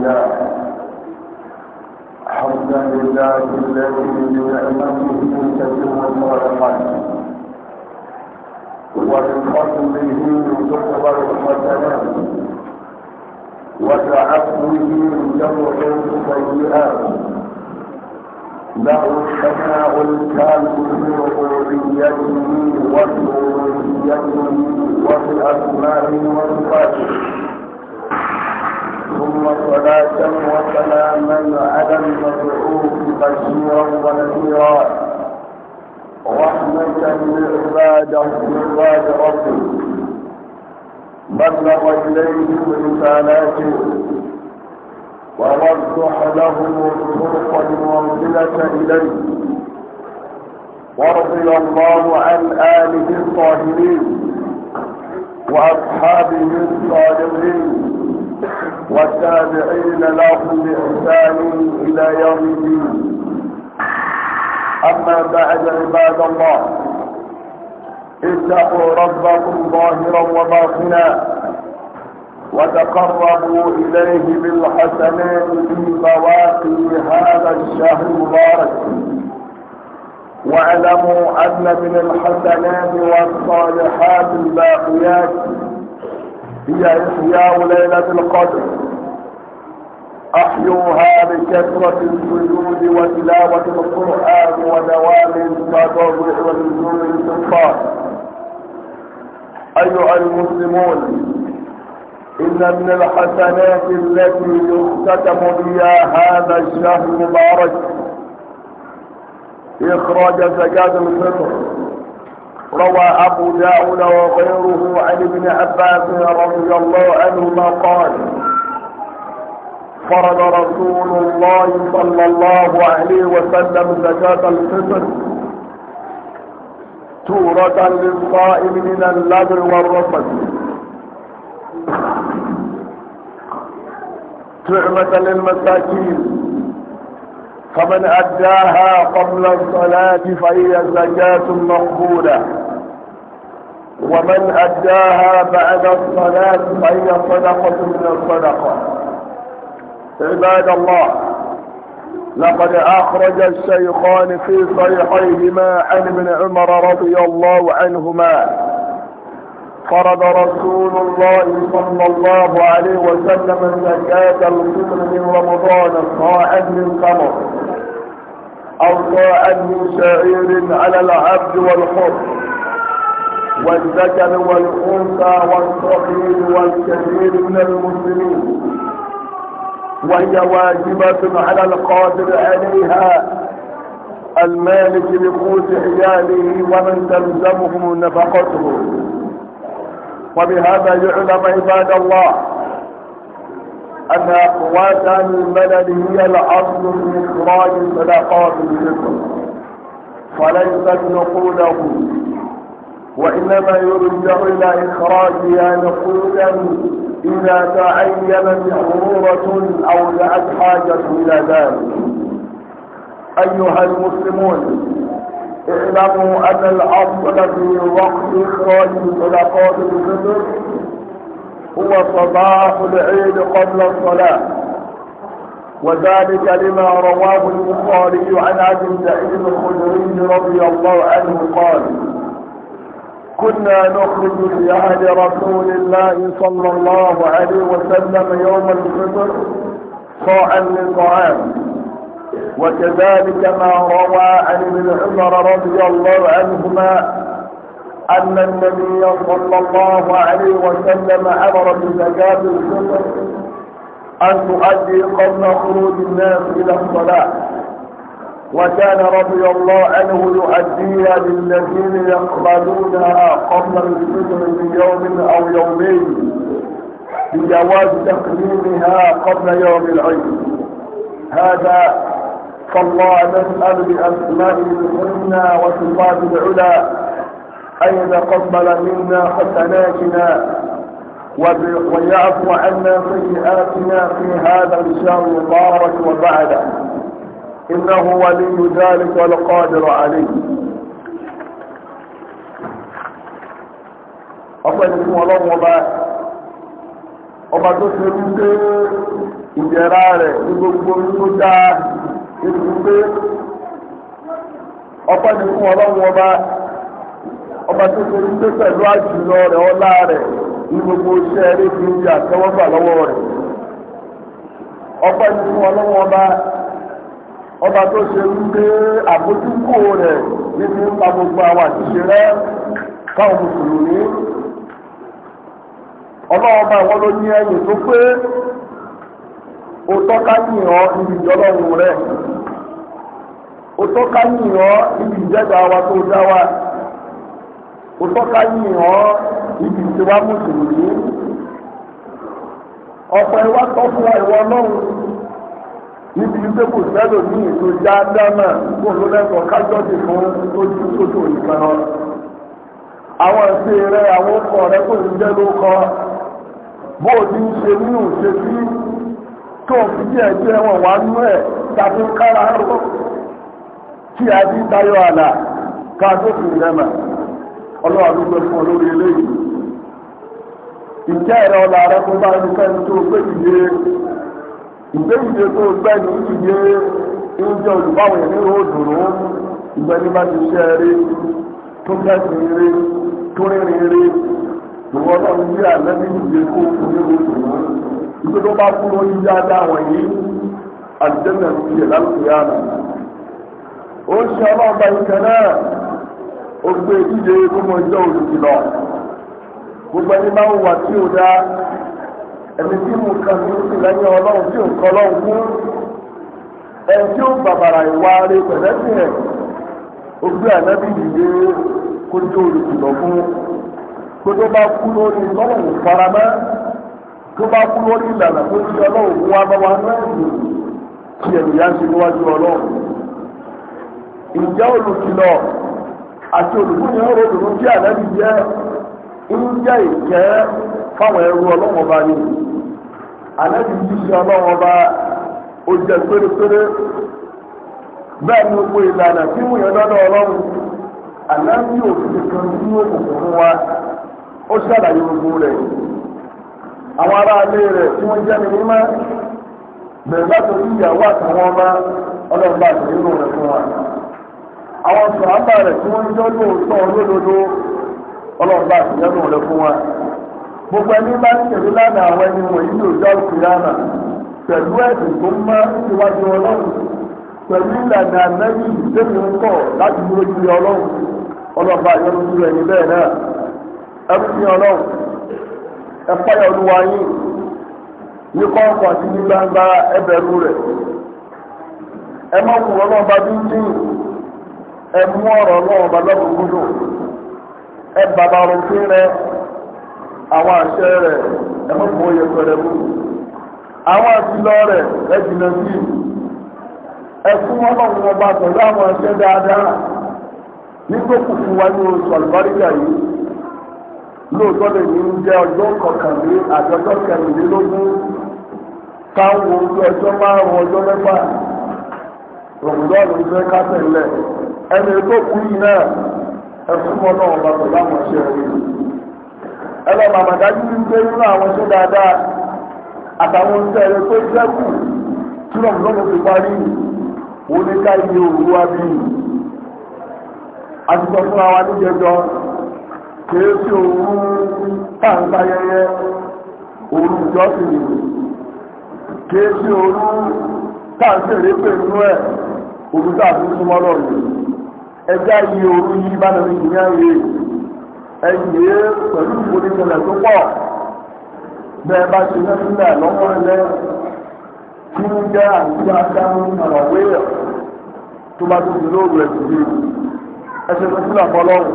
لله حمدا لله الذي بنعمته تتم الصالحات وبفضله تكبر الحسنات وبعفوه تمحو السيئات له الثناء الكامل في ربوبيته وفي ربوبيته وفي ثم صلاة وسلاما على المبعوث بشيرا ونذيرا رحمة لعباده عباد ربه بلغ إليه رسالاته ووضح له طرقا منزلة إليه ورضي الله عن آله الطاهرين وأصحابه الصالحين والتابعين لهم بإحسان إلى يوم الدين أما بعد عباد الله اتقوا ربكم ظاهرا وباطنا وتقربوا إليه بالحسنات في بواقي هذا الشهر المبارك واعلموا أن من الحسنات والصالحات الباقيات هي إحياء ليلة القدر أحيوها بكثرة السجود وتلاوة القرآن ودوام التضرع ونزول السلطان أيها المسلمون إن من الحسنات التي يختتم بها هذا الشهر المبارك إخراج زكاة الفطر روى أبو داود وغيره عن ابن عباس رضي الله عنهما قال فرض رسول الله صلى الله عليه وسلم زكاة الفطر تورة للصائم من اللبن والرفض تعمة للمساكين فمن أداها قبل الصلاة فهي زكاة مقبولة ومن أداها بعد الصلاة فهي صدقة من الصدقة عباد الله لقد أخرج الشيخان في صيحيهما عن ابن عمر رضي الله عنهما فرض رسول الله صلى الله عليه وسلم زكاة الفطر من رمضان صاعا من قمر أو صاعا من شعير على العبد والحر والذكر والأنثى والصغير والكبير من المسلمين وهي واجبة على القادر عليها المالك لقوت عياله ومن تلزمه نفقته وبهذا يعلم عباد الله أن اقوات الملل هي الأصل من إخراج صدقات الفطر فليست نقوله وإنما يرجع إلى إخراجها نقودا إذا تعينت ضرورة أو دعت حاجة إلى ذلك أيها المسلمون اعلموا أن الأصل في وقت إخراج صدقات الفطر هو صباح العيد قبل الصلاة وذلك لما رواه البخاري عن أبي سعيد الخدري رضي الله عنه قال كنا نخرج في عهد رسول الله صلى الله عليه وسلم يوم الفطر صاعا للطعام وكذلك ما روى عن ابن عمر رضي الله عنهما أن النبي صلى الله عليه وسلم أمر بزكاة الفطر أن تؤدي قبل خروج الناس إلى الصلاة وكان رضي الله عنه يؤديها للذين يقبلونها قبل الفجر بيوم او يومين بجواز تقديمها قبل يوم العيد هذا فالله نسأل بأسمائه الحسنى وصفات العلى أن يتقبل منا حسناتنا ويعفو عنا سيئاتنا في هذا الشهر المبارك وبعده إنه ولي ذلك والقادر عليه ọpẹ́ fún ọba ọba tó ṣe nde ìjẹra rẹ ní gbogbo tó dáa nínú wípé ọba ọba tó ṣe wípé pẹ̀lú àjùlọ rẹ ọlá rẹ̀ ní gbogbo fi ń yà lọ́wọ́ ọba tó ṣe wípé àbójúkò rẹ̀ níbi ń gbogbo àwọn àṣìṣe rẹ̀ káwọn mùsùlùmí ọlọ́ọba ìwọ́n ló ní ẹ̀yìn tó pé ó tọ́ka yìn ọ́ rẹ̀ ó wa tó wa ọ́ mùsùlùmí ọ̀pọ̀ ìwà níbi wípé kò sẹ́lò ní ètò já dámà kó ló lẹ́kọ̀ọ́ kájọ́dì fún ojú sójú nìkan àwọn ìṣe rẹ àwọn ọkọ rẹ kò ní jẹ́ ló bó o ti ń ṣe ní òṣè sí tó o fi díẹ̀ díẹ̀ wá nú ẹ̀ tàbí kára kí a ti tayọ àlà ká ìgbéyìí tó gbẹ́ ní ìdíyé ìjọ olùbáwọ̀ ní òdòdó ìgbẹ́ni bá ti ṣe eré tó kẹ́sì eré tó rìnrìn eré ìwọ náà ń yí àlẹ́bí ìdíyé kó fún ní òdòdó ìgbé tó bá kú lórí yá dá àwọn yìí àdéhùn ẹ̀sìn yẹ̀ lálùkù yá nà. ó ń ṣe ọlọ́ọ̀bá ìkẹ́ náà ó gbé ìdíyé kó mọ ìjọ olùkìlọ̀ gbogbo ẹni máa ń wà tí ò dáa ẹ̀mí tí mo kàn ní oṣù lẹ́yìn ọlọ́run tí òǹkọ́ ọlọ́run mú ẹni tí ó bàbàrà ìwà rẹ̀ pẹ̀lẹ́sìn rẹ̀ ojú ànábì yìí kó tó olùkùnà fún kó tó bá kú lórí lọ́wọ́ faramẹ́ tó bá kú lórí ìlànà tó ti ọlọ́run mú ẹ̀mí yá ṣe níwájú ọlọ́run. ìjẹ́ olùkìlọ̀ fáwọn ẹrú ọlọ́wọ́n bá ní ànábì ṣíṣe ọlọ́wọ́n bá ó jẹ pérépéré bẹ́ẹ̀ ni gbogbo ìlànà tí mo yàn lọ́dọ̀ ọlọ́run ànábì òfin kan tí ó kò fún wa ó ṣàlàyé gbogbo rẹ̀ àwọn aráalé rẹ̀ tí wọ́n jẹ́ mi mímọ́ bẹ̀rẹ̀ látòrí ìyàwó àtàwọn ọba ọlọ́run bá ti nínú rẹ̀ fún wa àwọn sọ̀rọ̀ àbá rẹ̀ tí wọ́n jọ́ lóòótọ́ olódodo ọlọ́run bá ti nínú rẹ̀ fún wa. gbogbo ẹni bá ń tẹ̀lé lánàá àwọn ẹni wọ̀nyí ní òjò àkùránà pẹ̀lú ẹ̀sìn tó ń mọ́ ìwájú ọlọ́run pẹ̀lú ìlànà àmẹ́yìn ìdẹ́mi ń kọ̀ láti dúró ju ọlọ́run ọlọ́ba àyọ̀rọ̀ ju ẹni bẹ́ẹ̀ náà ẹ̀rú ọlọ́run ẹ̀fọ́yà olúwa yín ní àti ní gbangba ẹbẹ̀rù rẹ̀ ẹ má wù bí ń dín ẹ mú ọ̀rọ̀ àwọn àṣẹ rẹ̀ ẹmọ́kùn oyè pẹ̀rẹ̀ mú àwọn àtìlọ rẹ̀ ẹ̀jìnà sí ẹkún pẹ̀lú àwọn dáadáa wa ní oṣù àlùbáríkà yìí lóòótọ́ lè ní jẹ́ ọjọ́ kọkànlé àjọjọ́ kẹrìnlélógún táwọn ojú ọjọ́ márùn ọjọ́ mẹ́fà rọ̀mùdọ́ọ̀lù fẹ́ kásẹ̀ ńlẹ̀ ẹni tó kú yìí náà ẹkún pẹ̀lú àwọn rẹ̀ ẹlọ màmá dájú ń gbé nínú àwọn ṣe dáadáa àtàwọn oúnjẹ rẹ tó ṣẹ́kù tí wọn lọ́nà ti parí òun ní ká iye òru wa bí a ti sọ òru táǹkà yẹyẹ òru ìjọsìn kìí ṣe òru táǹkà èrè pè nínú ẹ òru súnmọ́ ẹ̀yẹ pẹ̀lú ìforísẹ̀lẹ̀ tó pọ̀ bẹ́ẹ̀ bá ṣe ní sílẹ̀ lọ́wọ́ ẹlẹ́ tí ń jẹ́ àdúgbò adáhùn ọ̀wé ẹ̀ tó bá tó dúró rẹ̀ sílẹ̀ ẹsẹ̀ tó sílẹ̀ fọlọ́run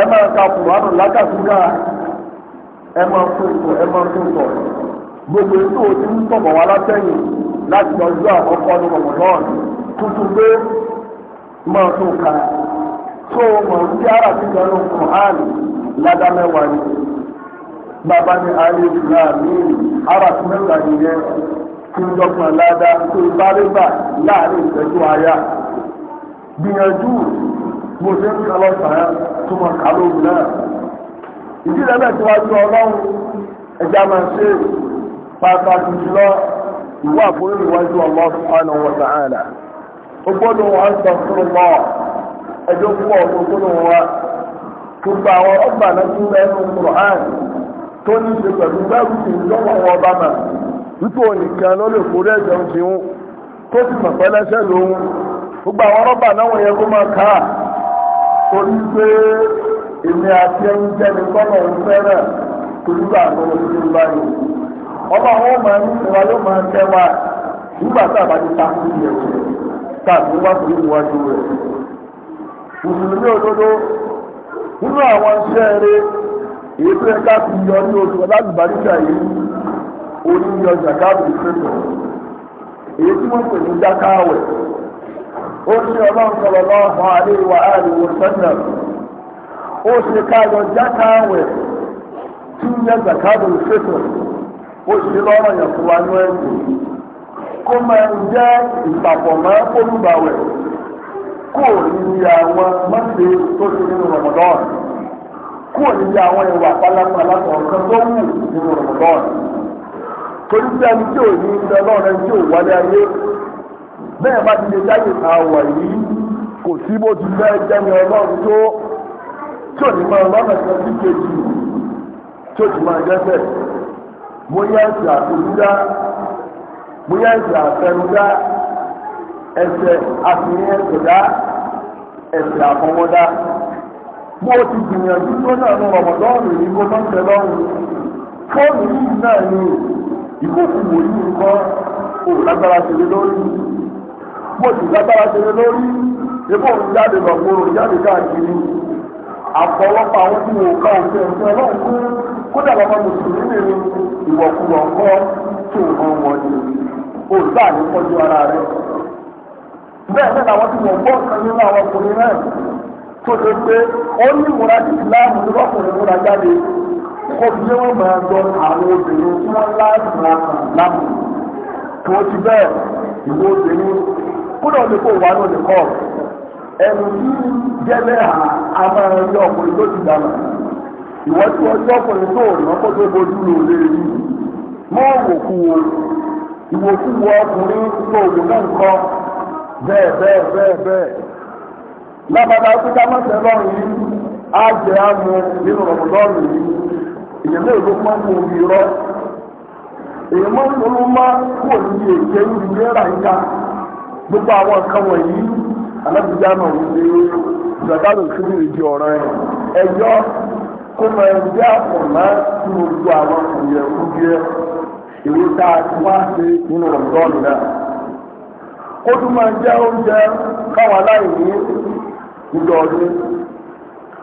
ẹ máa ka kùránù lákàtúndà ẹ máa fún ìtọ̀ ẹ máa fún ìtọ̀ gbogbo ètò tí ń tọ̀bọ̀ wá látẹ̀yìn láti ọjọ́ àkọ́kọ́ ní rọ̀mọ̀lọ́ọ̀nù tuntun pé máa tún ka so o mọ̀ ní ara ti gbẹ̀rù kùhán ni bàbá ni alif láàmì ara ti mẹ́ta nìyẹn kí n dọ́gbọ̀n ládá tó o bá aya gbìyànjú mo ṣe ń kalọ́ sàn tó mọ̀ kálóògùn náà ìdílé ọlọ́run máa ṣe pàtàkì jùlọ ìwà ó gbọ́dọ̀ sọ fún ẹjọ́ púpọ̀ òkúrò wa gbogbo àwọn ọgbà náà tún bẹ́ẹ̀ nù kùrán tó ní ṣe pẹ̀lú bẹ́ẹ̀rù sí lọ́wọ́ wọn ọba mà wípé onìkan ló lè forí ẹ̀jẹ̀ ń ṣe ń tó sì mọ̀ pẹ́lẹ́sẹ̀ lòun gbogbo àwọn ọgbà náà wọ̀nyẹn kó máa ká torí pé èmi àti ẹni jẹ́ni tọ́nà ń fẹ́ràn torí bá àwọn olùdíje ń báyìí ọba àwọn ọmọ ẹni ìwà yóò máa tẹ́ wa nígbà tá a bá ti ta fún ìyẹn tàbí wá fún ìwádìí rẹ̀. mùsùlùmí òdodo nínú àwọn iṣẹ́ eré èyí tó yẹ ká fi yọ ní oṣù ọlágbàdìgbà yìí oníyọ zakabu ìfẹ́tọ̀ èyí tí wọ́n pè ní jákàwẹ̀ ó ṣe ó ṣe káyọ jákàwẹ̀ tí ń yẹ zakabu ìfẹ́tọ̀ ó ṣe lọ́rọ̀ yẹn fún wa ní kó máa ń jẹ́ ìpapọ̀ kúrò níbi àwọn mọ́tò tó ṣe nínú rọmọdọ́ọ̀nù kúrò níbi àwọn ìwà pálápàlá kọ̀ọ̀kan tó wù nínú rọmọdọ́ọ̀nù torí pé ẹni tí ò ní ilẹ̀ ọlọ́run tí ò wálé ayé bẹ́ẹ̀ bá ti lè jáde àwọ̀ yìí kò sí bó ti fẹ́ jẹ́mi ọlọ́run tó tí ò ní máa lọ́nà kan sí kejì tí ó ti máa dẹ́sẹ̀ bóyá ìṣàkóso dá bóyá ìṣàfẹnudá ẹsẹ̀ àfihàn ẹ̀sọ̀dá ẹsẹ̀ àfọwọ́dá bó o ti gbìyànjú tó náà ní ọmọdọ́rùn yìí bó náà tẹ lọ́rùn fóònù yìí náà ni ìkókò wò nǹkan kò lágbára ṣe lórí bó ti lágbára ṣe lórí ebó ń jáde lọ́gbòrò jáde káàkiri àfọwọ́pọ̀ àwọn tí wò ká òfin ẹ̀sìn ọlọ́run fún kódà bàbá mùsùlùmí ni ìwọ̀kùwọ̀ kọ́ tó hàn wọ́n ni òòtú àníkọ́jú ara rẹ̀ bẹ́ẹ̀ náà làwọn ti wọ̀ gbọ́ ọ̀kan nínú àwọn ọkùnrin náà tó ṣe pé ó ní ìmúra ìsìláàmù ní ọkùnrin múra jáde kó fi yé wọn máa gbọ́ àwọn obìnrin tí wọ́n láàbù láàbù láàbù tó ti bẹ́ẹ̀ ìwé obìnrin kúrò lè kó wà lóde kọ́ ẹnu tí jẹ́lẹ̀ a máa rí ọkùnrin tó ti dànù ìwọ́n tí wọ́n tí ọkùnrin tó rán kó tó bojú lò lè rí e. mọ́ òwòkú wo ìwòkú wo ọkùnrin tó òwò náà ń bẹ́ẹ̀ bẹ́ẹ̀ bẹ́ẹ̀ bẹ́ẹ̀ lábàbà pípa mọ́sẹ̀ lọ́rùn yìí á jẹ́ àmú nínú ọ̀rọ̀ lọ́rùn yìí èyàn náà ló máa mú omi rọ èyàn máa ń máa gbogbo àwọn nǹkan wọ̀nyí alábìjá náà ń lé ìgbàgbọ́ ìṣúná ìdí ọ̀rọ̀ ẹ̀ ẹ̀yọ́ kó àwọn tá a ti wá ó tún máa jẹ́ oúnjẹ fáwọn aláìní ìjọ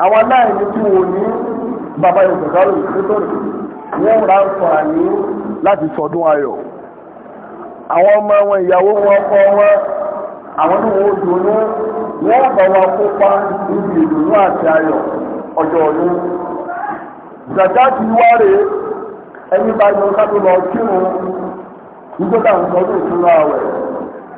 àwọn aláìní tí wò ní bàbá ìgbàgbọ́ nítorí wọ́n ra ń fà ní láti sọdún ayọ̀ àwọn ọmọ wọn ìyàwó wọn ọkọ wọn àwọn ní wọn ó dùnú wọ́n bá wa kópa níbi ìdùnnú àti ayọ̀ ọjọ́ ọdún gbàgbá ti wá rèé ẹni bá yọ ká tó lọ kírun nígbà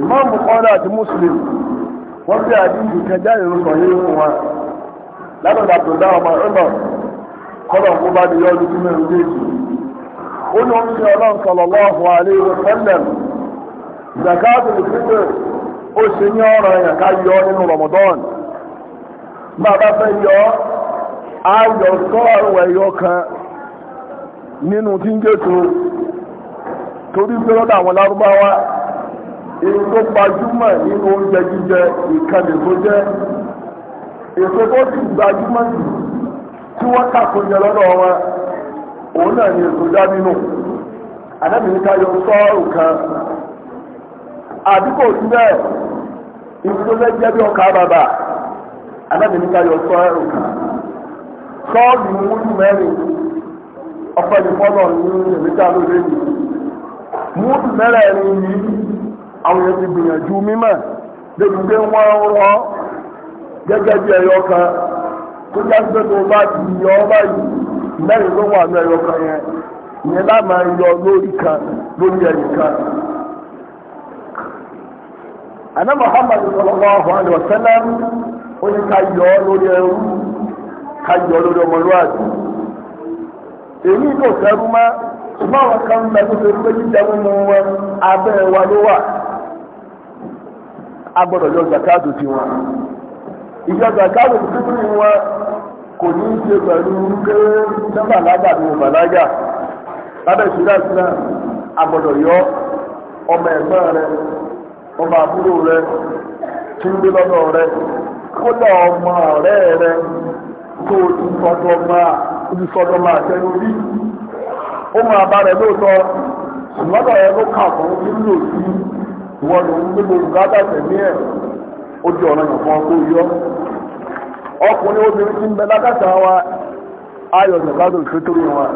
Imam Bukhari àti Muslim wọ́n fi àdínkù kẹjá ìrúsọ yìí fún wa látọ̀dọ̀ àbùdá ọmọ ọ̀nà kọ́nà kó bá di yọjú sí mẹ́rin méjì. Ó ní wọ́n fi ọlọ́run sallallahu alaihi wa sallam zakatul fitr ó ṣe ní ọ̀ràn yẹn ká yọ nínú Ramadan. fẹ́ yọ ayọ̀ sọ́ọ̀rù ẹ̀yọ kan nínú tí ń tó torí pé lọ́dọ̀ àwọn èyí tó gbajúmọ̀ nínú oúnjẹ jíjẹ ìkànnì tó jẹ́ èso tó sì gbajúmọ̀ jù tí wọ́n kàkójẹ lọ́dọ̀ wọn òun náà ni èso já nínú àdábìnrinká yọ sọ́ọ̀rù kan àdúgbò síbẹ̀ ìfúnlẹ̀ jẹ́ bí ọkà bàbà àdábìnrinká yọ sọ́ọ̀rù kan sọ́ọ̀rù ni mẹ́rin ní lóde yìí mẹ́rẹ̀ẹ̀rin yìí àwọn èèyàn ti gbìyànjú mímọ̀ débi pé wọ́n ń rọ gẹ́gẹ́ bí ẹ̀yọ kan tó já sí pé tó bá ti yọ ọ báyìí mẹ́rin ló wà ní ẹ̀yọ kan yẹn ìyẹn bá máa yọ lórí kan lórí ẹ̀yìn kan. àná Muhammad sallallahu alaihi wasallam ó ní ká yọ ọ lórí ẹrú ká yọ ọ lórí èyí mọ́ ṣùgbọ́n àwọn kan ń bẹ tó wọn abẹ́ wa ló wà. Agbọdọ yọ zakatu ti wọn ìyọ zakatu fitiri wọn kò ní í ṣe pẹ̀lú pé nọ́mbà lága ni bàlágà lábẹ́ ìṣúná ìṣúná yọ ọmọ ẹ̀gbọ́n rẹ ọmọ àbúrò rẹ tí ń gbé rẹ kódà ọmọ ọ̀rẹ́ rẹ tó ti ti ó ló kà fún ìwọ ló ń gbé gbogbo gádà tẹ̀mí ẹ̀ ó ọ̀nà tó yọ ọkùnrin obìnrin ti ń bẹ lákàtà wa ayọ̀ ìgbàdo ìfẹ́tòrí wa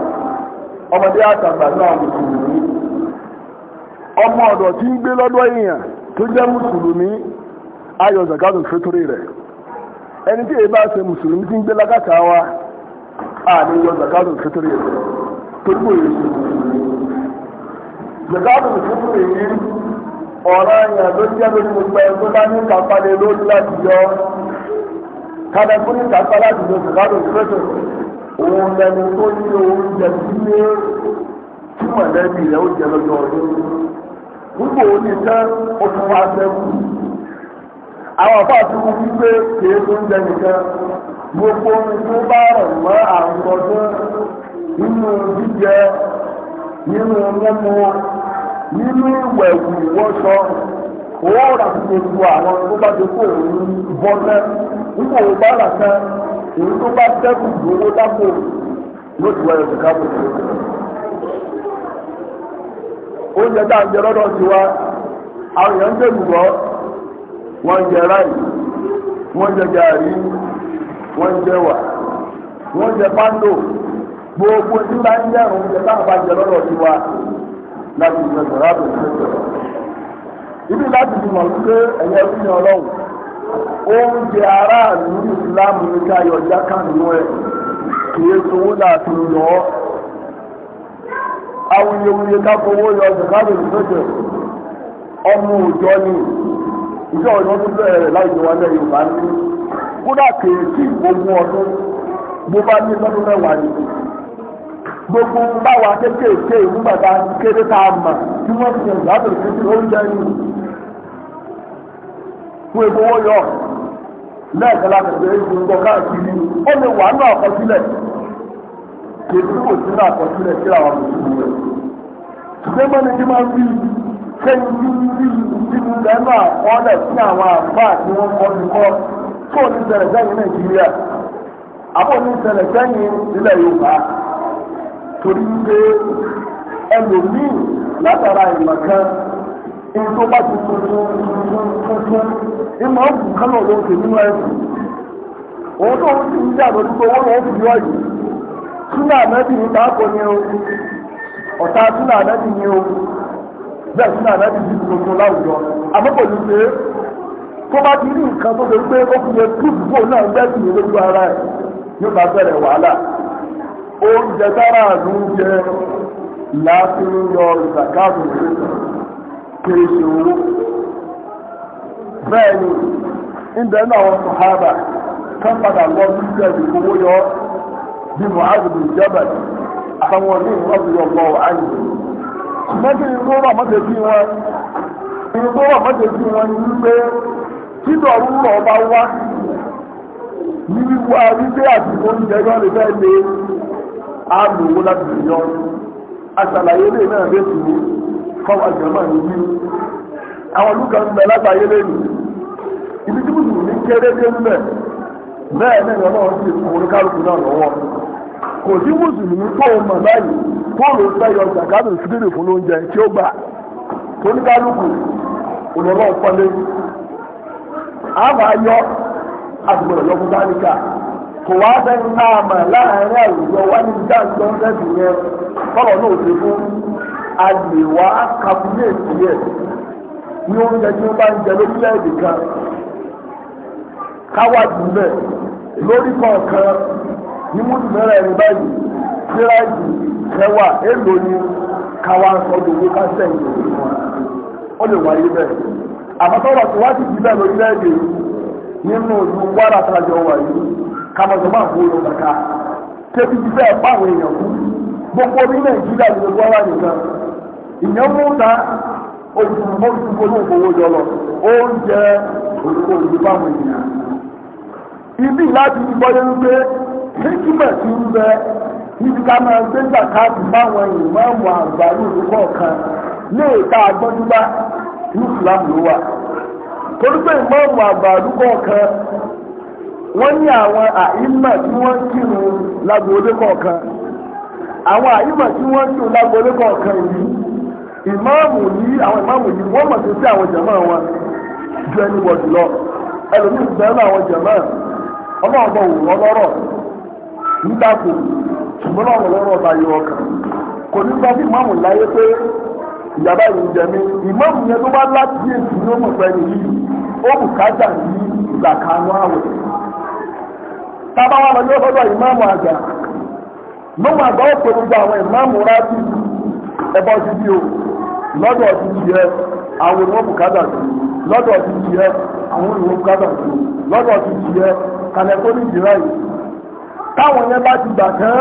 ọmọdé àtàgbà náà mùsùlùmí ọmọ ọ̀dọ̀ tí ń gbé lọ́dọ̀ èèyàn tó jẹ́ mùsùlùmí ayọ̀ ìgbàdo rẹ̀ ẹni tí ṣe mùsùlùmí ti ń gbé lákàtà wa àní yọ ìgbàdo ìfẹ́tòrí rẹ̀ tó mùsùlùmí ọ̀rọ̀ yẹn ló jẹ́ lórí gbogbo ẹgbẹ́ bá ní kápá lé lórí láti yọ kádàkú ní kápá láti lọ sùgbọ́n ìfẹ́sọ̀ òun lẹni tó ní oúnjẹ sílé tí mọ̀lẹ́bí rẹ̀ ó jẹ lọ́jọ́ ọdún nígbà òun ní sẹ́ ó tún wá sẹ́kù àwọn àbá tó kú wípé kìí tó ń jẹ nìkan gbogbo ohun tó bá rọ̀ mọ́ àwọn ọdún nínú jíjẹ nínú mímu nínú ìwẹ̀ ìwọ́sọ owó ọ̀rà tí mo lu àwọn tó bá ti kó òun bọ́ náà nígbà wo bá rà kan èyí tó bá dẹ́kun lówó dápò ló ti wáyé òkè káàbò tó. oúnjẹ tá à ń jẹ lọ́dọ̀ sí wa àwọn èèyàn ń dẹ̀lù lọ wọ́n gbogbo tí bá ń jẹ oúnjẹ tá à láti ìjọ ìjọba tó ti tẹ̀. ibi láti fi mọ̀ pé ẹ̀yẹ fún ọlọ́run oúnjẹ aráàlú ìsìláàmù ní ká yọ jákà nínú ẹ̀ kìí sowó láti yọ ọ́. awuyewuye ká fowó yọ ìjọba tó ti tẹ̀ ọmọ òjọ ni ìjọ ọ̀yọ́ tó bẹ̀rẹ̀ láìjọ wa lẹ́yìn ìbá ní kódà kèéjì gbogbo ọdún bó bá ní lọ́dún mẹ́wàá ni. gbogbo báwa kéékèèké nígbàdá kéré tá a mọ̀ tí wọ́n ti yàn látòrí fún oúnjẹ ní fún ìgbowó yọ lẹ́ẹ̀kan láti bẹ̀rẹ̀ ìgbò ńgọ káàkiri ó lè wà ní àkọsílẹ̀ kèdè kò sí ní àwọn ṣùgbọ́n mọ́ni tí máa ń fi lẹ́nu àkọọ́lẹ̀ sí àwọn àgbà tí wọ́n kọ́ ní kọ́ tó ní sẹ́yìn Nàìjíríà àbọ̀ ní sẹ́yìn Yorùbá torí pé ẹlòmíì látara ìmọ̀kan ní tó bá ti tuntun tuntun ìmọ̀ ọ̀gùn kánà ló ń ṣe nínú ẹ̀sìn òun tó ń ti ń jà lójú owó lọ́wọ́ fi yọ yìí súnà àmẹ́bí ní tààkọ ni o ọ̀tá súnà àmẹ́bí ni o bẹ́ẹ̀ súnà àmẹ́bí ti tuntun láwùjọ àmọ́pọ̀lù pé tó bá ti rí nǹkan tó ṣe pé ó fi yẹ kúùbù náà gbẹ́sìn lójú ara ẹ̀ yóò bá bẹ̀rẹ̀ wàhálà oúnjẹ tára ló ń jẹ láti ń yọ ìdàkàbò kìí ṣe owó bẹ́ẹ̀ ni ìbẹ̀ náà wọn sọ̀hábà kan padà lọ sí ìjẹ́ yọ bí Mu'adh bin Jabal àtàwọn ní ìwọ́n yọ ṣùgbọ́n kí ni tó wà mọ́tẹ̀ wọn kí ni tó wà mọ́tẹ̀ wọn ni wípé wá á lò láti lè yọ aṣàlàyé lè náà lè tù ú fún àjọmọ́ ìlú àwọn olùkọ́ ń bẹ lágbàáyé lẹ́nu ibi tí mùsùlùmí kéré dé ń bẹ̀ bẹ́ẹ̀ náà ni ọlọ́run ti kún oníkálukú náà kò sí mùsùlùmí tó o mọ̀ báyìí fóònù fẹ́ yọ zakadu fídírì fún oúnjẹ tí ó gbà oníkálukú yọ fún kò wá sẹ́ni máa mọ̀ àwùjọ wá ní ìdájọ́ sẹ́sì yẹn kọ́lọ̀ náà ṣe fún àlèwà kàbúlẹ̀tì ní oúnjẹ tí bá ń jẹ lórílẹ̀-èdè kan káwájú bẹ̀ lórí kọ̀ọ̀kan ní mùsùlùmí ẹni báyìí kẹwàá èlò ni káwá sọ gbogbo ó lè wáyé tí ti Kama máa wo lọ kàkà tẹ́tí ti fẹ́ pa àwọn èèyàn kú gbogbo ní nàìjíríà ló gbọ́ wá nìkan ìyẹn mú ta olùkọ́ olùkọ́ ní òkòwò jọ lọ oúnjẹ olùkọ́ olùkọ́ àwọn èèyàn ibi láti gbọ́dọ̀ wípé hekima ti ń bẹ níbi ká máa gbé zakat báwọn èèyàn máa mọ àgbà ní olùkọ́ kan ní ìta àgbọ́dúgba ní ìsìlámù ló wà torí pé ìmọ̀ọ̀mù àgbà olùkọ́ kan wọ́n ní àwọn àìmọ̀ tí wọ́n kírun lágboolé kọ̀ọ̀kan àwọn àìmọ̀ tí wọ́n kírun lágboolé kọ̀ọ̀kan yìí ìmáàmù yìí àwọn ìmáàmù yìí wọ́n mọ̀ sí sí àwọn jàmáà wọn ju ẹni wọ̀ jùlọ ẹlòmíì bẹ́ẹ̀ àwọn jàmáà ọmọ ọmọ òwúrọ̀ lọ́rọ̀ nígbàkú ṣùgbọ́n ọ̀rọ̀ lọ́rọ̀ ọkàn kò ní bí ìmáàmù láyé pé ìjàmbá yìí jẹ mí ìmáàmù yẹn tó bá láti mọ̀ tábà wà lọ́jọ́ sọ́dọ̀ ìmáàmù àgbà mọ́mù àgbà ó pè gbogbo àwọn ìmáàmù ráàtì ẹbọ títí o lọ́dọ̀ títí yẹ àwọn ìwọ̀n bùkátà sí lọ́dọ̀ títí yẹ àwọn ìwọ̀n bùkátà sí lọ́dọ̀ títí yẹ kàlẹ́kọ́nì ìdíra yìí táwọn yẹn bá ti gbà tán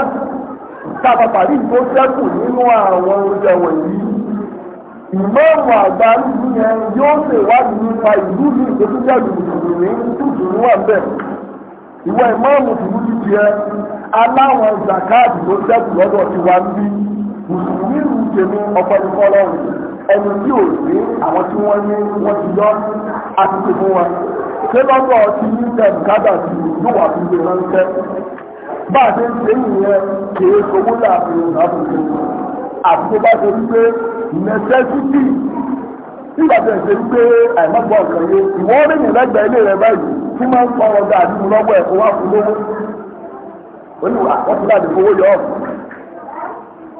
tábà pàdé ìtó sẹ́kù nínú àwọn oúnjẹ wọ̀nyí ìmáàmù àgbà yẹn yóò ṣèwádìí nípa ìlú ní ìgbésíjẹ́ ìlú ìlú ní tútù níwà bẹ́ẹ̀ ìwọ ìmáàmù tìlú ti jẹ aláwọn zakati ló dẹ́kù lọ́dọ̀ ti wá ń bí mùsùlùmí ìlú tèmi ọ̀pọ̀lọpọ̀ fọlọ́run ẹni tí ò ní àwọn tí wọ́n ní wọ́n ti yọ àti ti fún wọn ṣé lọ́dọ̀ ti ní tẹ̀m kádà sí yóò wà fún ìgbéra ń tẹ́ bá a ṣe ń ṣe nìyẹn kìí sowó láàbùrù láàbùrù àti tó bá ṣe wípé necessity nígbà tó ṣe wípé àìmọ́gbọ́n kan yé ìwọ́n rìn lẹ́gbẹ̀ẹ́ ilé rẹ báyìí tí máa ń pa ọ̀gá àdúgbò lọ́wọ́ ẹ̀kọ́ wá fún lówó oníwà àkọsílẹ̀ àdúgbò owó yọ ọ̀fù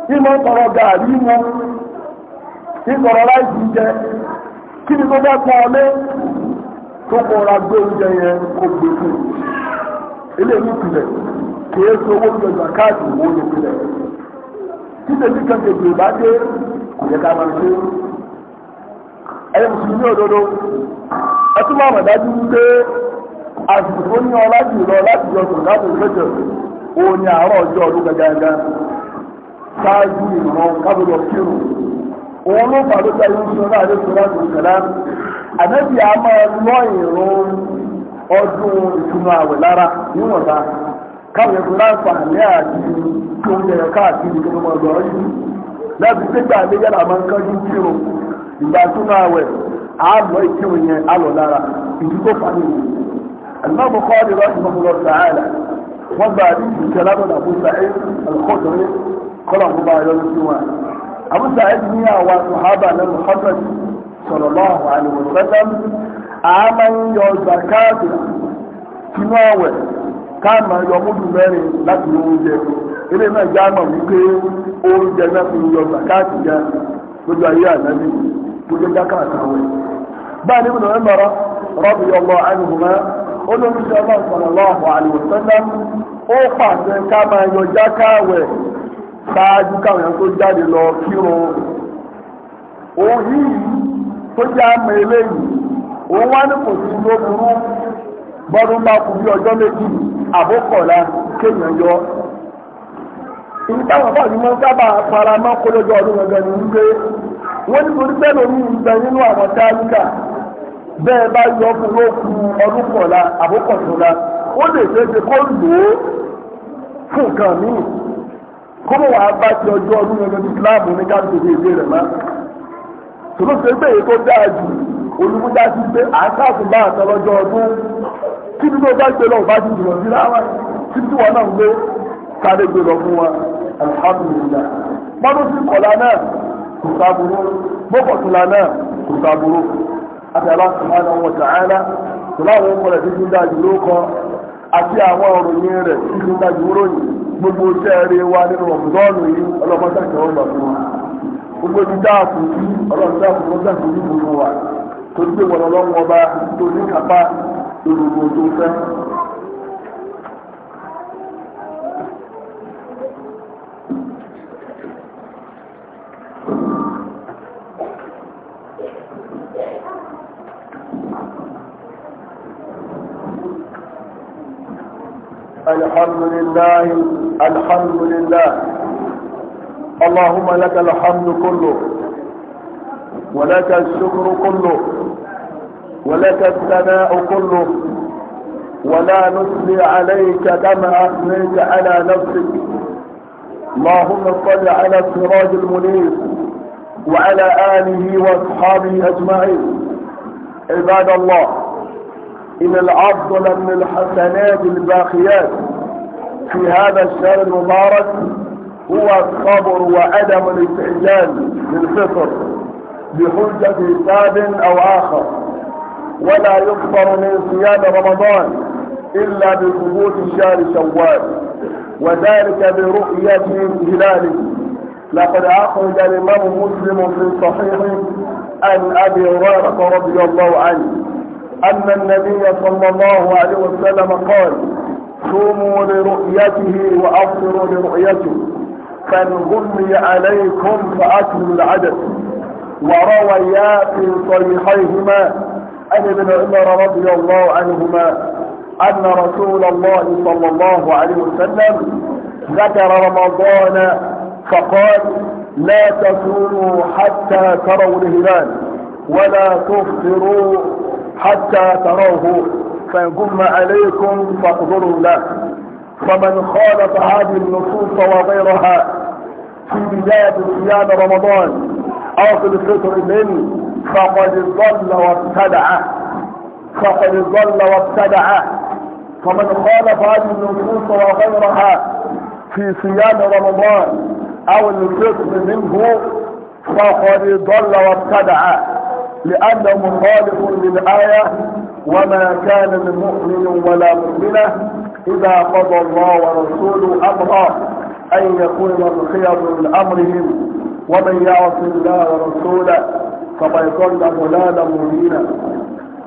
tí máa ń pa ọ̀gá àdúgbò tí sọ̀rọ̀ láìsí jẹ kí ni tó bá pa ọ lé tó kọra gbé oúnjẹ yẹn kó gbé fún ilé ní ìpìlẹ̀ kìí ṣe owó tó yọ káàdì owó ní ìpìlẹ̀ títẹ̀ tí kan tètè bá dé kò yẹ ká máa ṣe ẹ̀yẹ mùsùlùmí òdodo ẹ tún máa mọ̀ dájú wípé àsìkò ní ọlá jùlọ láti yọ sọ̀dáàtò ìfẹ́jọ òun ni àárọ̀ ọjọ́ ọdún ṣáájú kírun òun ló fà ló náà a máa lọ ìrún ọdún ìtúnu àwẹ̀ lára níwọ̀nba káwọn ẹ̀kọ́ láǹfààní àti tí ń yẹ káàkiri tó máa lọ yìí láti máa ń kánjú kírun ìgbà ìkírun yẹn lára ìdúgbò الإمام قال رحمه الله تعالى وضع عليه كلام أبو سعيد الخدري قرأه الله إلى الجوان أبو سعيد مية وصحابة محمد صلى الله عليه وسلم عمل يزكاة كناوة كما يمود ماري لكن يوجد ilé náà já mọ̀ wípé oúnjẹ náà fi yọ zakati jẹ lójú ayé ànábì tó jẹ́ jákàtà wẹ̀. báyìí olóńgbé ọlọ́ọ̀sọ̀lọ́wọ́ àlùsọ́lá ó pàṣẹ ká máa yọ jákàwẹ̀ ṣáájú káwọn tó jáde lọ kírun òun tó jẹ́ àmọ́ eléyìí òun wá ní kò sí ló gbọ́dún bá kú bí ọjọ́ méjì àbókọ̀lá kéèyàn yọ ìyí táwọn bá ní wọ́n sábà paramọ́ kólójọ ọdún gangan ní wípé wọ́n nítorí pẹ́lú omi ìgbẹ́ nínú àwọn táyíkà bẹ́ẹ̀ bá yọ fún lókun ọdún kọ̀ọ̀la àbókọ̀tọ̀la ó lè ṣe é ṣe kó lò ó fún nǹkan míì kó mọ̀ wàá bá ti ọjọ́ ọdún yẹn lórí Islam ní káàkiri ìdí rẹ̀ má. tòló ṣe gbé èyí tó dáa jù olùmúdá sí pé à ń káàkiri bá àtọ lọ́jọ́ ọdún kí ni tó bá gbé lọ bá ti jùlọ sí láwa kí ni wọn náà ń gbé sáré gbé lọ fún wa alhamdulillah. mọ́tò sí kọ̀ọ̀la náà kò àti aláṣùmáà náà wọ̀ tààlà tó láwọn ọmọ rẹ̀ títí dájú ló kọ àti àwọn òròyìn rẹ̀ títí dájú ròyìn gbogbo iṣẹ́ rẹ̀ wá nínú ọ̀mùdọ́ọ̀nù yìí ọlọ́mọsáàkì ọ̀hún bàbá wa gbogbo ti dáàbò yìí ọlọ́mọsáàkì ọ̀hún yìí gbogbo wa tó gbé wọn lọ́wọ́ ọba tó ní kápá lórí tó fẹ́ الحمد لله الحمد لله اللهم لك الحمد كله ولك الشكر كله ولك الثناء كله ولا نثني عليك كما اثنيت على نفسك اللهم صل على السراج المنير وعلى اله واصحابه اجمعين عباد الله إن العبد لمن الحسنات الباقيات في هذا الشهر المبارك هو الصبر وعدم الاستعجال للفطر بحجة حساب أو آخر ولا يكفر من صيام رمضان إلا بثبوت شهر شوال وذلك برؤية هلاله لقد أخرج الإمام مسلم في صحيحه عن أبي هريرة رضي الله عنه أن النبي صلى الله عليه وسلم قال صوموا لرؤيته وأفطروا لرؤيته غمي عليكم فأكلوا العدد ورويا في صحيحيهما عن ابن عمر رضي الله عنهما أن رسول الله صلى الله عليه وسلم ذكر رمضان فقال لا تصوموا حتى تروا الهلال ولا تفطروا حتى تروه فيجم عليكم فاقدروا له فمن خالف هذه النصوص وغيرها في بداية صيام رمضان أو في الفطر منه فقد ضل وابتدع فقد ضل وابتدع فمن خالف هذه النصوص وغيرها في صيام رمضان أو الفطر منه فقد ضل وابتدع لأنه مخالف للآية وما كان من مؤمن ولا مؤمنة إذا قضى الله ورسوله أمرا أن يكون الخير من أمرهم ومن يعص الله ورسوله فقد ضل ضلالا مبينا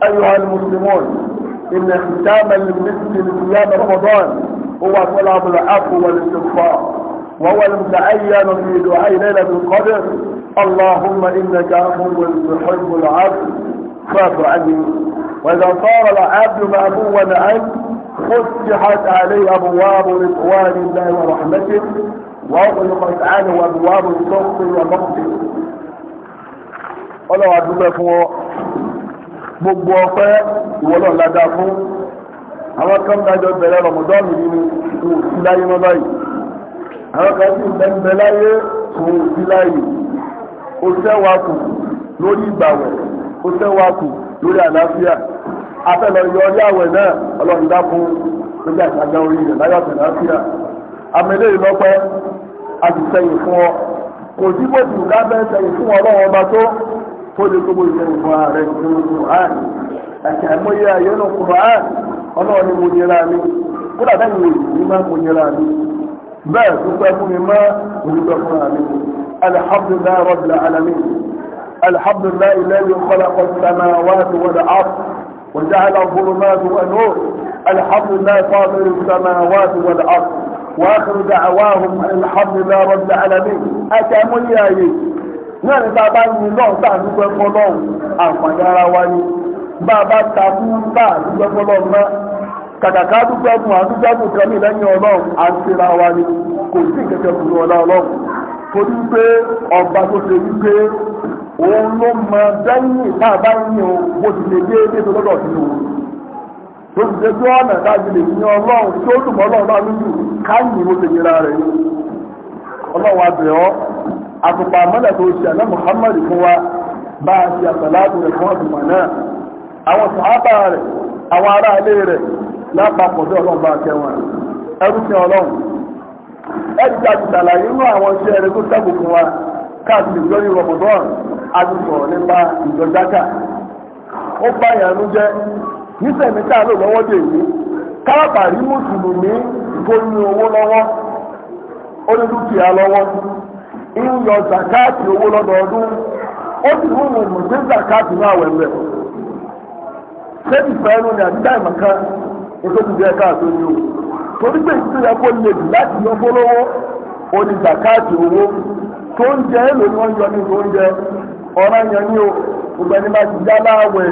أيها المسلمون إن ختام المسجد لصيام رمضان هو طلب العفو والاستغفار وهو المتعين في دعاء ليلة القدر اللهم إنك عفو تحب العبد فاعف عني وإذا صار العبد معفوا عنه فتحت عليه أبواب رضوان الله ورحمته وأغلقت عنه أبواب الصوت ومقته قال عبد الله فهو gbogbo ولو لا ládàá fún كم kan dájọ رمضان rọmọdọ́ọ̀nù yìí ní àwọn kan sì bẹ́ẹ̀ láyé fún òbí láyè ó sẹ́wà kù lórí ìgbàwẹ̀ ó sẹ́wà kù lórí àlàáfíà afẹ́lọ yọ orí àwẹ̀ náà ọlọ́run dákun lórí àtàgbà orí rẹ̀ láyọ̀ àlàáfíà àmẹ́lẹ́ ìlọ́pẹ́ a sì sẹ́yìn fún ọ kò sí bó ti ká bẹ́ẹ̀ sẹ́yìn fún ọlọ́run ọba tó tó lè gbogbo ìsẹ́yìn fún ààrẹ ìṣòro kùrán ẹ̀kẹ́ àìmọye àyẹ̀nù kùrán ọlọ́run ni mo nira mi kódà bẹ́ẹ̀ ni mo yìí ní máa mo nira mi بس وتابوني ما وتابوني عليكم الحمد لله رب العالمين الحمد لله الذي خلق السماوات والارض وجعل الظلمات والنور الحمد لله فاطر السماوات والارض واخر دعواهم الحمد لله رب العالمين اتامل يا ايه نحن نعم بابا نلوح تعدو بقلوه عفا يا رواني بابا تعدو بقلوه ما kàkàkà dúgbàgùn àdúgbàgùn kan ní lẹ́yìn ọlọ́run à wa ni kò sí ìkẹ́kẹ́ ọla ọlá ọlọ́run torí pé ọba tó ṣe wípé òun a o bó ti lè dé dé lọ́dọ̀ sí o tó ti ṣe tó ọ̀nà tá a lè yìn ọlọ́run tó dùn ọlọ́run náà lójú káyìn ló ṣe yẹra rẹ̀ ọlọ́run àbẹ̀ ọ́ àtùpà tó ṣe Muhammad fún wa bá a ṣe àtàlá àwọn rẹ̀ àwọn na bí ọlọ́run bá kẹwọn ẹrú sí ọlọ́run a ti ṣàlàyé inú àwọn iṣẹ́ rẹ tó ṣẹ́gun wa káàkiri lórí rọmọdọ́n a nípa ìjọjáka ó bá ìyànú lọ́wọ́ rí mùsùlùmí owó lọ́wọ́ lọ́wọ́ ń yọ zakáàtì owó lọ́dọọdún ó sì ètò ti jẹ́ káàtó ni o torí pé ìtú yẹ kó lè dùn láti yọ fọlọ́wọ́ onígbà káàtì owó tó ń jẹ èlò ni wọ́n yọ ní oúnjẹ ọ̀ràn yẹn ni o gbogbo ẹni bá ti yá láàwẹ̀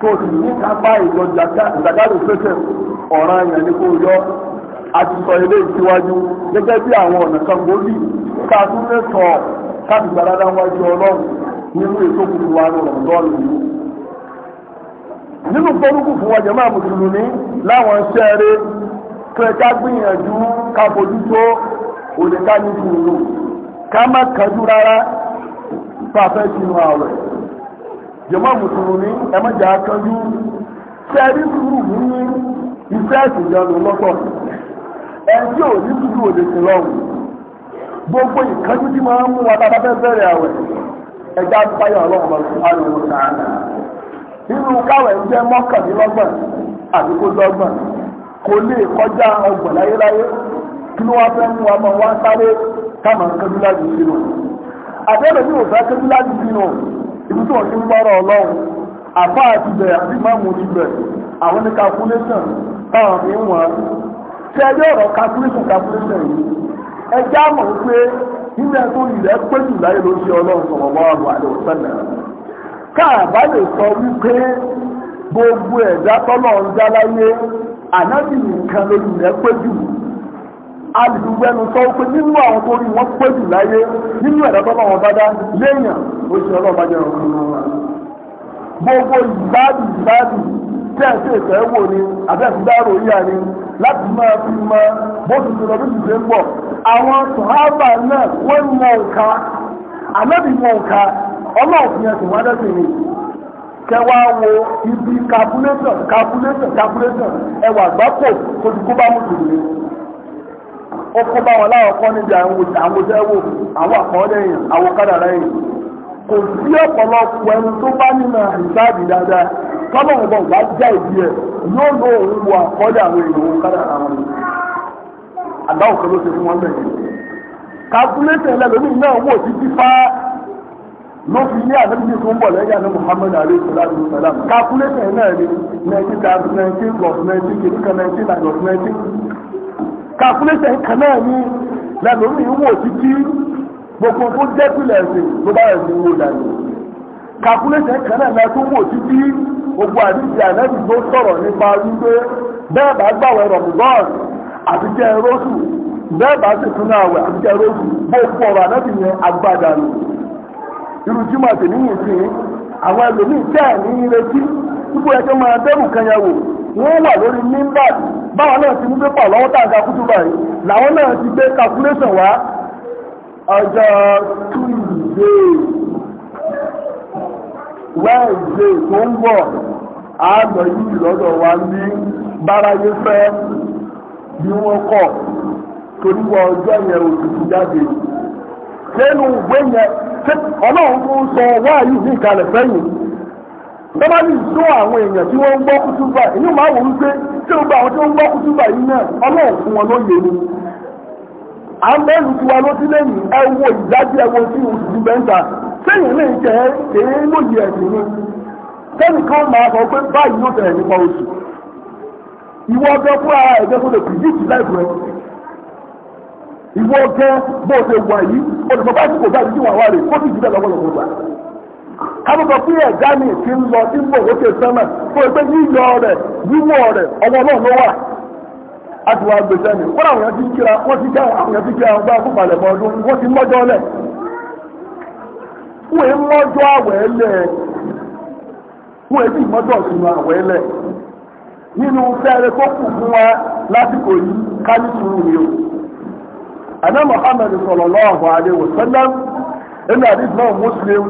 tó sì ní kápá ìjọ ìjàkálò fẹsẹ̀ ọ̀ràn yẹn ni kó yọ àti sọ ilé ìtiwájú gẹ́gẹ́ bí àwọn ọ̀nà kan gbòógì ká tún lè sọ káàtì gbàdádá wájú ọlọ́run nínú ètò kùkù wa ní ọ̀rọ̀ nínú gbórúkú fún ọjà máa mùsùlùmí láwọn ṣẹ́ẹ̀rẹ́ kẹta gbìyànjú ká fojú tó òdìká ní sùúrù ká má kánjú rárá pàfẹ́ sínú ààrẹ jẹmọ́ mùsùlùmí ẹmọ́jà kánjú ṣẹ́ẹ̀rí sùúrù ní iṣẹ́ ìṣèjọba lọ́tọ̀ ẹ̀jẹ̀ ò ní sùúrù òdìkì lọ́wọ́ gbogbo ìkánjú tí máa ń mú wa dáadáa bẹ́ẹ̀ bẹ̀rẹ̀ àwẹ̀ ẹ̀já ń báyọ̀ ọlọ́run niru káwẹ̀ ń jẹ́ mọ́kànlélọ́gbọ̀n àti kódọ́gbọ̀n kò lè kọjá ọgbọ̀n láyéláyé kí ló wá fẹ́ mú wa mọ́ wá sáré táwọn akẹ́bí láti fi nù. àbẹ́rẹ́ mi ò fẹ́ láti fi nù ibi tí wọ́n ti ń gbọ́rọ̀ ọlọ́run àti bẹ̀rẹ̀ àti máàmù ti bẹ̀rẹ̀ àwọn ní calculation táwọn fi ń ṣé ẹjọ́ ọ̀rọ̀ calculation káàbá lè sọ wípé gbogbo ẹ̀dá tọ́lọ̀ ń dá láyé ànábì nìkan lórí rẹ̀ pé jù sọ nínú àwọn tó rí wọ́n pé láyé nínú ẹ̀dá tọ́lọ̀ bá dá léèyàn ó ọlọ́ọ̀bá jẹ́ gbogbo ìfẹ́ wò ni ni láti máa fi mọ bó ti ti lọ bí ti ṣe ń bọ̀ ọlọ́ọ̀fin ẹ̀sìn wọn lẹ́sìn ni kẹwa wo ibi calculation calculation ẹwà àgbákò tó ti kó bá mùsùlùmí ó kó bá wọn láwọn níbi àwọn àwọn àkọọ́lẹ̀ yìí àwọn ọ̀kadà yìí kò sí ọ̀pọ̀lọpọ̀ ẹni tó bá nínú àìsáàdì dáadáa tọ́lọ̀ já ìdí ẹ̀ yóò òun wo àkọọ́lẹ̀ àwọn kádà ló fi ilé àdébíyí tó ń bọ̀ lẹ́yìn àná alayhi salatu salam calculation náà ni nineteen thousand nineteen plus nineteen kìnnìkan nineteen minus nineteen calculation kan náà ni lẹ́nu mi wò títí gbogbo tó jẹ́ pílẹ̀ ẹ̀sìn bá ẹ̀sìn wò kan náà wò títí gbogbo tó sọ̀rọ̀ nípa wípé bẹ́ẹ̀ bá irú jímọ̀ yìí sí i àwọn ẹlòmíì tẹ́ ní ìrètí púpọ̀ ẹjọ́ máa dẹ́rù wọ́n wà lórí báwọn náà ti pépà lọ́wọ́ a báyìí làwọn náà ti gbé calculation wá ọjọ́ tuesday wednesday tó ń bọ̀ yìí lọ́dọ̀ wa ní fẹ́ bí wọ́n kọ̀ torí ọjọ́ yẹn ọlọ́run mú sọ wáyé ní ìkàlẹ̀ sẹ́yìn tó bá ní sọ àwọn èèyàn tí wọ́n ń gbọ́ máa wò wípé tí ó gba àwọn ń gbọ́ kútúbà yìí náà ọlọ́run fún wọn lóye ni à ń tiwa ló sí lẹ́yìn ẹwọ tí oṣù ti sẹ́yìn lè sọ pé báyìí ló nípa oṣù ìwọ ọjọ́ ẹ̀jẹ̀ ìwọ gẹ́ bó ṣe wà yìí olùkọ́bá tí kò bá ìdí wà wà rè kó sì jù bẹ́ẹ̀ lọ́wọ́lọ́wọ́ gbà. kábọ̀bọ̀ pé ẹ̀dá mi ti ń lọ sí ń fún ẹgbẹ́ yíyọ rẹ̀ rẹ̀ ọmọ náà ló wà. a ti wá wọ́n àwọn yẹn ti kíra wọ́n ti kíra àwọn yẹn ti kíra fún balẹ̀ wọ́n àná Muhammad sallallahu alaihi wa sallam nínú àdìs náà Muslim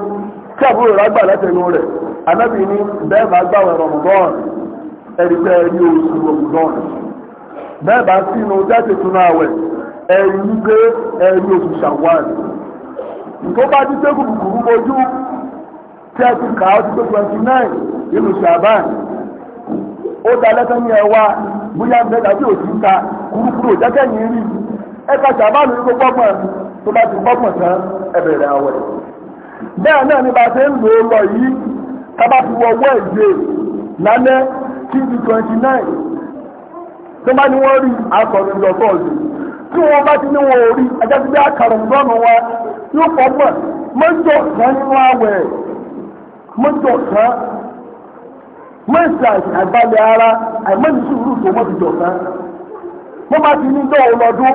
tí àbúrò rẹ̀ gbà látẹnu rẹ̀ anábì ní bẹ́ẹ̀ bá gbàwẹ̀ Ramadan ẹ̀rí pé ẹ̀rí oṣù Ramadan bẹ́ẹ̀ bá sínú jáde tún náà wẹ̀ ẹ̀rí gbé ẹ̀rí oṣù Shawwal nǹkan bá ti dé kùkùrù mojú tí a ti kà á ti tó twenty nine nínú Shaban ó da lẹ́sẹ̀ ní ẹ̀wá bóyá ń bẹ́ẹ̀ tàbí òsì ń ta kúrúkúrú òjákẹ́yìn rí ẹ̀ka ṣàbánu ní gbogbo ọmọ mi tó bá ti gbọ́pọ̀ tán ẹ̀bẹ̀rẹ̀ àwẹ̀ bẹ́ẹ̀ náà ni bá ṣe ń lò ó lọ yìí tábà twenty tó bá ní wọ́n rí akọ̀rin lọ bọ́ọ̀lù tí wọ́n bá ti ní wọn ò rí ajásígbé wa yóò mọ́jọ kan nínú mọ́jọ kan ara tó kan bá ti ní dọ́ọ̀ lọ́dún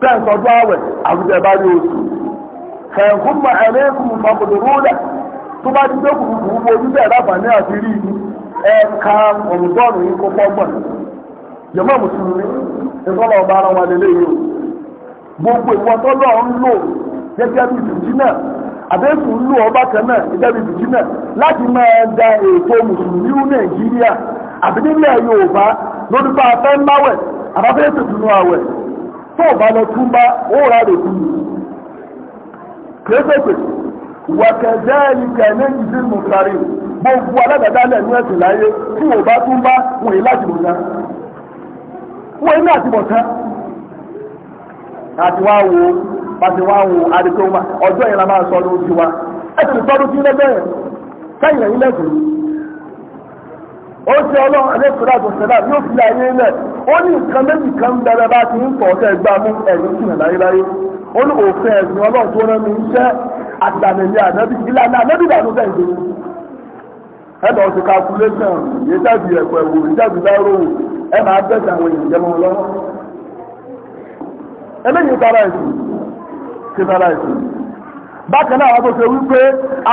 kẹ́ǹsọ̀ ọjọ́ àwẹ̀ àwùjọ bá rí oṣù fẹ̀ǹkún mọ̀ ẹ̀rẹ́kùn mọ̀kùnrin rúlẹ̀ tó bá ti dé kùkùkù wo oníbẹ̀ láǹfààní àti rí ẹ̀ka ọ̀rùndọ́ọ̀nù gbogbo ìwọ tọ́lọ̀ ń lò àbẹ́sùn ń lò ọba láti máa da ètò mùsùlùmí Nàìjíríà àbí nílẹ̀ Yorùbá lórí bá a fẹ́ máwẹ̀ àbáfẹ́ tó ọ̀bá lọ túbá ó rà rẹ̀ fún mi kéékèèké wàkẹ̀jẹ́ ẹnìkẹ́ ní ìdí mùsàrí gbogbo aládàdálẹ̀ ní ẹ̀sìn láyé tí bá láti bọ̀tá wọ́n bọ̀tá àti wá wo wá wo ọjọ́ sọ́dún sọ́dún lẹ́gbẹ̀ẹ́ sẹ́yìn ó ṣe ọlọ́run alẹ́kùnrin àtọ̀sẹ̀lá yóò fi ayé lẹ̀ ó ní nǹkan méjì kan bẹ̀rẹ̀ bá ti ń tọ̀ ọ́tẹ́ gbá mú ẹ̀yìn kùnà láyéláyé ó ní òfin ẹ̀sìn ọlọ́run tó rán mi iṣẹ́ àgbàmìlẹ̀ ànábì ìlànà ànábì ìlànà bẹ́ẹ̀ ṣe ẹ lọ sí calculation ìyẹ́tàbí ẹ̀kọ́ ẹ̀wò ìjàbí dáró ẹ máa bẹ̀sẹ̀ àwọn èèyàn jẹmọ lọ́wọ́ eléyìí tara ẹ̀sìn ṣe tara ẹ̀sìn bákan náà wọn tó ṣe wípé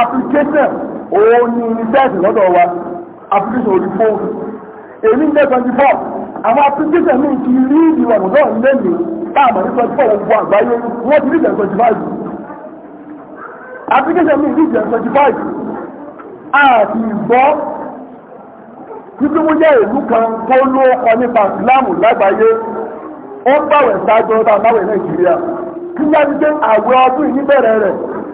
application òun ni iṣẹ́ ẹ̀sìn lọ́dọ̀ wa application orí fóònù èyí jẹ́ twenty four àwọn application mi ti rí ìlú ọ̀dọ́ ìlẹ́yìn táàmù ní twenty four gbogbo àgbáyé wọ́n ti rí ìjẹ́ twenty five application mi rí ìjẹ́ twenty five àti ìgbọ́ títí mo jẹ́ ìlú kan tó ló ọkọ nípa ìsìláàmù lágbàáyé ó ń bàwẹ̀ ṣáájú ọba àbáwẹ̀ nàìjíríà kí wọ́n ti dé àwẹ̀ ọdún ìníbẹ̀rẹ̀ rẹ̀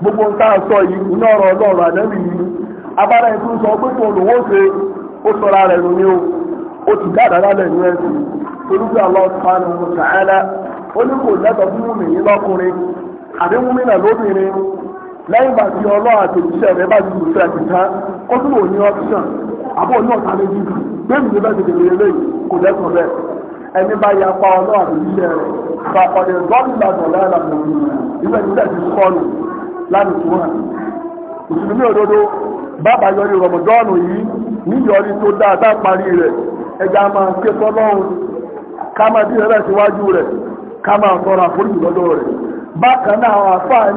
gbogbo ń táà sọ yìí ọrụ ọ̀rọ̀ ọlọ́run àdẹ́bì yìí abára ẹ̀ tún sọ pé kò ṣe ó sọra rẹ̀ nù o ó ti dá àdára lẹ̀ ní ẹ̀sìn olùkọ́ Allah subhanahu wa ó ní kò lẹ́tọ̀ fún mi ní lọ́kùnrin àbí múmi náà lóbìnrin lẹ́yìn ìgbà tí ọlọ́ àtẹ̀jíṣẹ́ rẹ̀ bá ti gbèsè àtìká ó tún wò ní ọ́fíṣàn àbọ̀ ní ọ̀tá méjì ni ẹni bá ya pa ọlọ́ rẹ̀ láti tún hàn mùsùlùmí òdodo bàbá yọrí rọmọdọ́ọ̀nù yìí níyọrí tó dáadáa parí rẹ̀ ẹja máa ké sọ́lọ́run ká máa dín ẹlẹ́ síwájú rẹ̀ ká máa tọrọ k'ama lọ́dọ̀ rẹ̀ bákan náà àwọn àfáà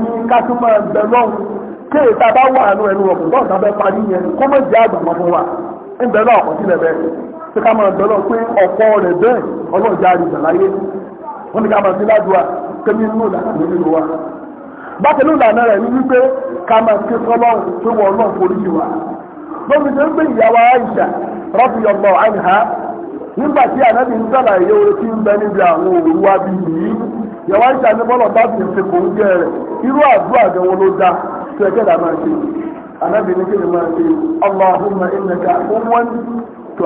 máa lọ́hùn a bá wà nù ẹnu parí yẹn kó mọ̀ wa ń bẹ náà sílẹ̀ bẹ́ẹ̀ tí ká máa bẹ bákan náà lànà rẹ̀ wípé ká máa ké sọ́lọ́run pé wọ́n náà forí sí wa lóbi tó ń gbé ìyàwó Aisha nígbà tí ànábì ń sàlàyé tí ń bẹ níbi àwọn òru wa bí yìí ìyàwó Aisha ní bọ́lọ̀ bá ti ṣe kò ń jẹ rẹ̀ irú àdúrà gẹ̀wọ́ ló dá tó ẹgbẹ́ dà máa ṣe ànábì ní kéde máa ṣe Allahumma innaka afuwwun tó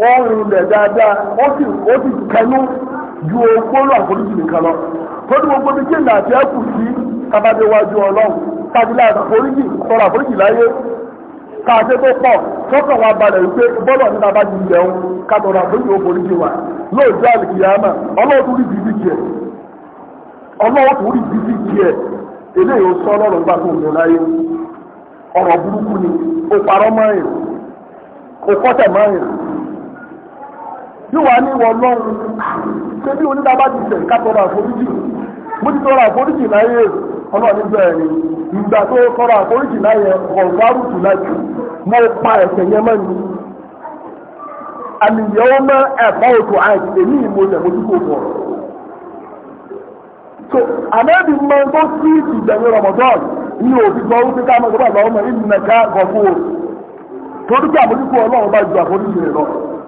wọ́n rìn ilẹ̀ dáadáa wọ́n sì wọ́n sì ju ogbóró àforíjì nìkan lọ tó ní gbogbo bíi kéèyàn àti sí kábàdé ọlọ́run tábìlì àforíjì tọrọ àforíjì láyé káàṣe tó pọ̀ tọ́kàn wa balẹ̀ wípé bọ́lọ̀ níta bá ti ka tọrọ àforíjì ó wa ọlọ́run rí bíbí jẹ ọlọ́run rí bíbí jẹ eléyìí ó sọ ọlọ́run gbà tó láyé ọ̀rọ̀ burúkú ni ó parọ́ yóò wá ní ìwọ lọ́run ṣé bí onídàbá ti tẹ̀ ká àforíjì mo ti tọrọ àforíjì láyé ọlọ́ọ̀ni bẹ́ẹ̀ ni ìgbà tó tọrọ àforíjì láyé ọ̀gbárùtù láti mo pa ẹ̀ṣẹ̀ yẹn mọ́ ni àmìyẹ́wọ́ mọ́ ẹ̀fọ́ òtò àìsí èmi ìmọ̀ ìjẹ̀mójú kò so àmẹ́bí mọ́ tó sí ìgbẹ̀mí rọmọdọ́n ní òbí wípé ká mọ́ lọ́wọ́ mọ́ ìlú mẹ́ka gọ̀fó torí pé àmójúkú ọlọ́run bá ju àforíjì rẹ̀ lọ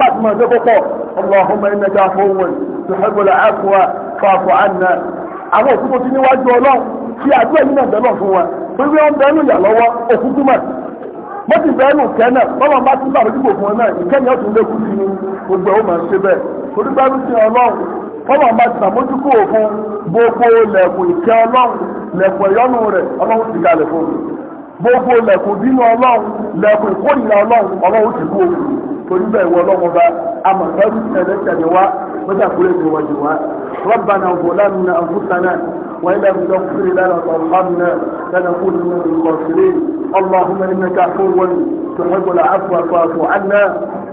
قسما لقطة اللهم إنك عفو تحب العفو فاعف عنا àwọn òkú tó ti níwájú ọlọ́run tí àdúrà yìí náà bẹ̀rẹ̀ fún wa pẹ̀lú wọn bẹ̀rù yà lọ́wọ́ òkú túmọ̀ wọ́n ti bẹ̀rù kẹ́ náà bá tún bàbá dìbò fún ọ náà ìkẹ́ni ọ̀tún lé kúrú ní gbogbo ẹ̀ ó ṣe bẹ́ẹ̀ torí bẹ̀rù ọlọ́run bọ́lá bá ti sàmójúkú òfin gbogbo lẹ̀kùn ìkẹ́ ọlọ́run lẹ̀kùn ẹ̀yọ́nù rẹ̀ ọlọ́run ti torí bẹ́ẹ̀ wọ lọ́wọ́ bá amọ̀tẹ́rù tẹ̀lẹ́tẹ̀lẹ́ wá mọ́tàkùrẹ́ tó wájú wá rọ́bànà ọ̀bọ̀lánà àfúsànà لنا وترحمنا لنكون من الخاسرين اللهم إنك عفو تحب العفو فاعف عنا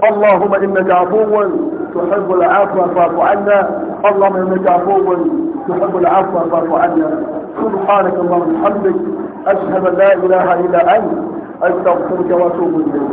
اللهم إنك عفو تحب العفو فاعف عنا اللهم إنك عفو تحب العفو فاعف عنا سبحانك اللهم وبحمدك أشهد أن لا إله إلا أنت أستغفرك وأتوب إليك